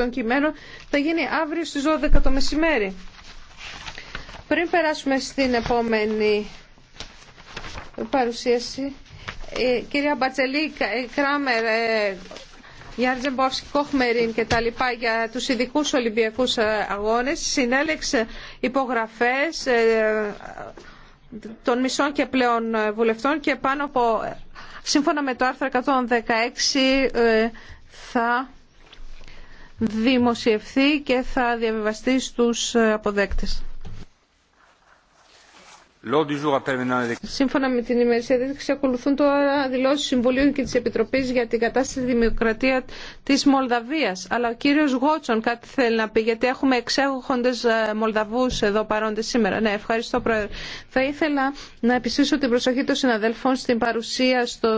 των κειμένων θα γίνει αύριο στις 12 το μεσημέρι. Πριν περάσουμε στην επόμενη παρουσίαση, η κυρία Μπατσελή, ε, Κράμερ, ε, Κοχμερίν και τα λοιπά για τους ειδικού Ολυμπιακούς ε, Αγώνες συνέλεξε υπογραφές των μισών και πλέον βουλευτών και πάνω από, σύμφωνα με το άρθρο 116, θα δημοσιευθεί και θα διαβιβαστεί στους ε, αποδέκτες. Σύμφωνα με την ημερησία δίδυξη, ακολουθούν τώρα δηλώσει Συμβουλίου και τη Επιτροπή για την κατάσταση δημοκρατία τη Μολδαβία. Αλλά ο κύριο Γότσον κάτι θέλει να πει, γιατί έχουμε εξέχοντε Μολδαβού εδώ παρόντε σήμερα. Ναι, ευχαριστώ, Πρόεδρε. Θα ήθελα να επιστήσω την προσοχή των συναδέλφων στην παρουσία στο